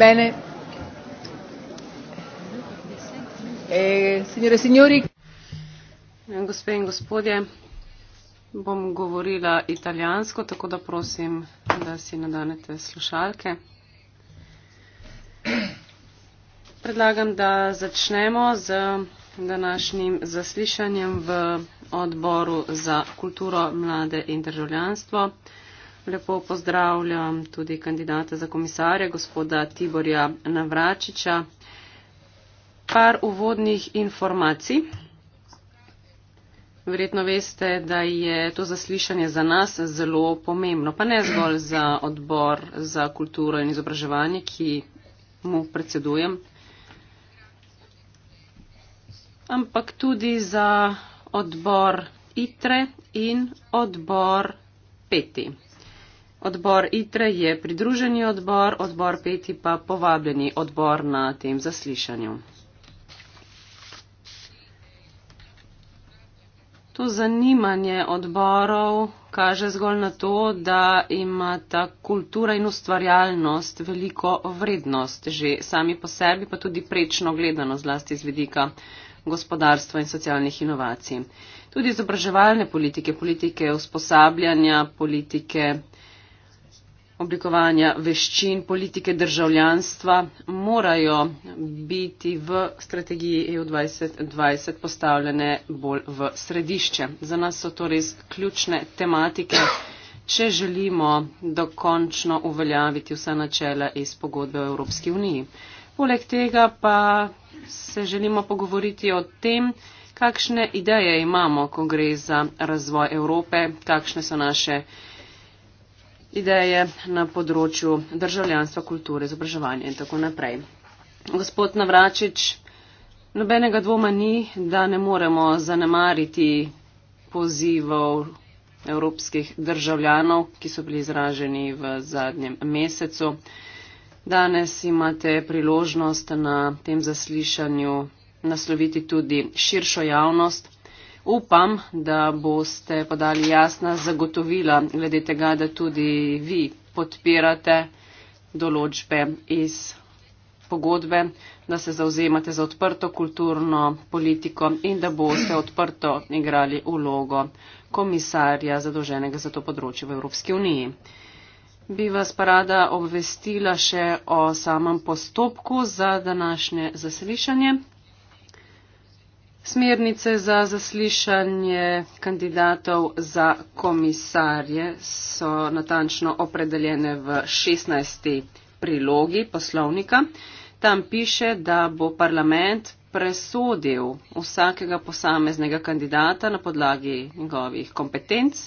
bene. E, signore e signori. Gospe in gospodje, bom govorila italijansko, tako da prosim, da si nadanete slušalke. Predlagam, da začnemo z današnjim zaslišanjem v odboru za kulturo, mlade in državljanstvo lepo pozdravljam tudi kandidata za komisarja, gospoda Tiborja Navračiča. Par uvodnih informacij. Verjetno veste, da je to zaslišanje za nas zelo pomembno, pa ne zgolj za odbor za kulturo in izobraževanje, ki mu predsedujem, ampak tudi za odbor ITRE in odbor PETI. Odbor ITRE je pridruženi odbor, odbor PETI pa povabljeni odbor na tem zaslišanju. To zanimanje odborov kaže zgolj na to, da ima ta kultura in ustvarjalnost veliko vrednost že sami po sebi, pa tudi prečno gledano zlasti z vidika gospodarstva in socialnih inovacij. Tudi izobraževalne politike, politike usposabljanja, politike oblikovanja veščin, politike državljanstva morajo biti v strategiji EU 2020 postavljene bolj v središče. Za nas so to res ključne tematike, če želimo dokončno uveljaviti vsa načela iz pogodbe o Evropski uniji. Poleg tega pa se želimo pogovoriti o tem, kakšne ideje imamo, ko gre za razvoj Evrope, kakšne so naše ideje na področju državljanstva, kulture, izobraževanja in tako naprej. Gospod Navračič, nobenega dvoma ni, da ne moremo zanemariti pozivov evropskih državljanov, ki so bili izraženi v zadnjem mesecu. Danes imate priložnost na tem zaslišanju nasloviti tudi širšo javnost upam, da boste podali jasna zagotovila glede tega, da tudi vi podpirate določbe iz pogodbe, da se zauzemate za odprto kulturno politiko in da boste odprto igrali ulogo komisarja zadolženega za to področje v Evropski uniji. Bi vas pa rada obvestila še o samem postopku za današnje zaslišanje. Smernice za zaslišanje kandidatov za komisarje so natančno opredeljene v 16. prilogi poslovnika. Tam piše, da bo parlament presodil vsakega posameznega kandidata na podlagi njegovih kompetenc,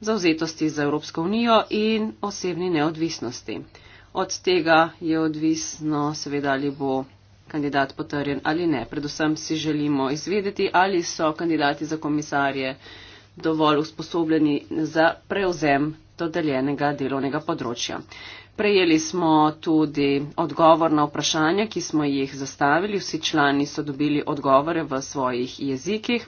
zauzetosti za Evropsko unijo in osebni neodvisnosti. Od tega je odvisno, seveda, ali bo kandidat potrjen ali ne. Predvsem si želimo izvedeti, ali so kandidati za komisarje dovolj usposobljeni za prevzem dodeljenega delovnega področja. Prejeli smo tudi odgovor na vprašanja, ki smo jih zastavili. Vsi člani so dobili odgovore v svojih jezikih.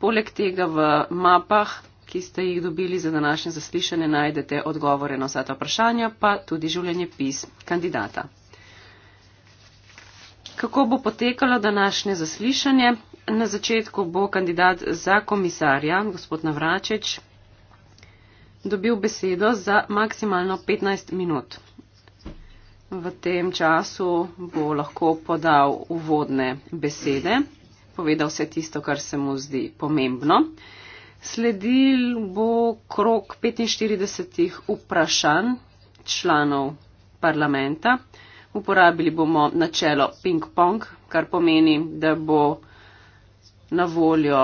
Poleg tega v mapah, ki ste jih dobili za današnje zaslišanje, najdete odgovore na vsa ta vprašanja, pa tudi življenje pis kandidata kako bo potekalo današnje zaslišanje. Na začetku bo kandidat za komisarja, gospod Navračeč, dobil besedo za maksimalno 15 minut. V tem času bo lahko podal uvodne besede, povedal vse tisto, kar se mu zdi pomembno. Sledil bo krok 45 vprašanj članov parlamenta. Uporabili bomo načelo ping-pong, kar pomeni, da bo na voljo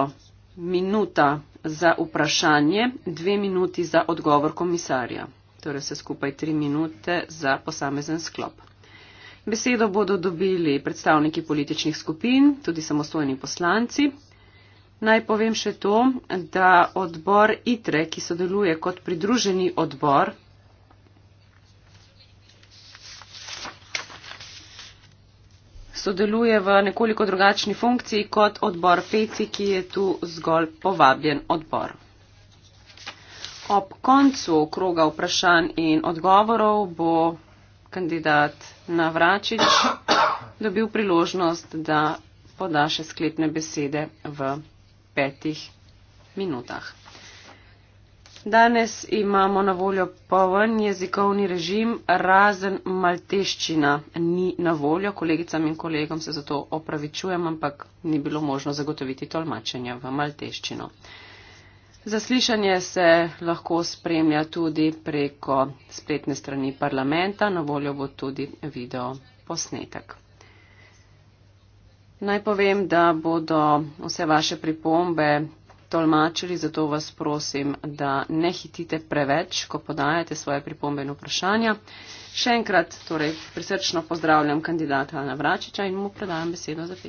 minuta za vprašanje, dve minuti za odgovor komisarja. Torej se skupaj tri minute za posamezen sklop. Besedo bodo dobili predstavniki političnih skupin, tudi samostojni poslanci. Naj povem še to, da odbor ITRE, ki sodeluje kot pridruženi odbor sodeluje v nekoliko drugačni funkciji kot odbor Peci, ki je tu zgolj povabljen odbor. Ob koncu kroga vprašanj in odgovorov bo kandidat Navračič dobil priložnost, da poda še sklepne besede v petih minutah. Danes imamo na voljo poln jezikovni režim, razen malteščina ni na voljo. Kolegicam in kolegom se zato opravičujem, ampak ni bilo možno zagotoviti tolmačenja v malteščino. Zaslišanje se lahko spremlja tudi preko spletne strani parlamenta, na voljo bo tudi video posnetek. Naj povem, da bodo vse vaše pripombe tolmačili, zato vas prosim, da ne hitite preveč, ko podajate svoje pripombe in vprašanja. Še enkrat torej, prisrčno pozdravljam kandidata Navračiča in mu predajam besedo za pet.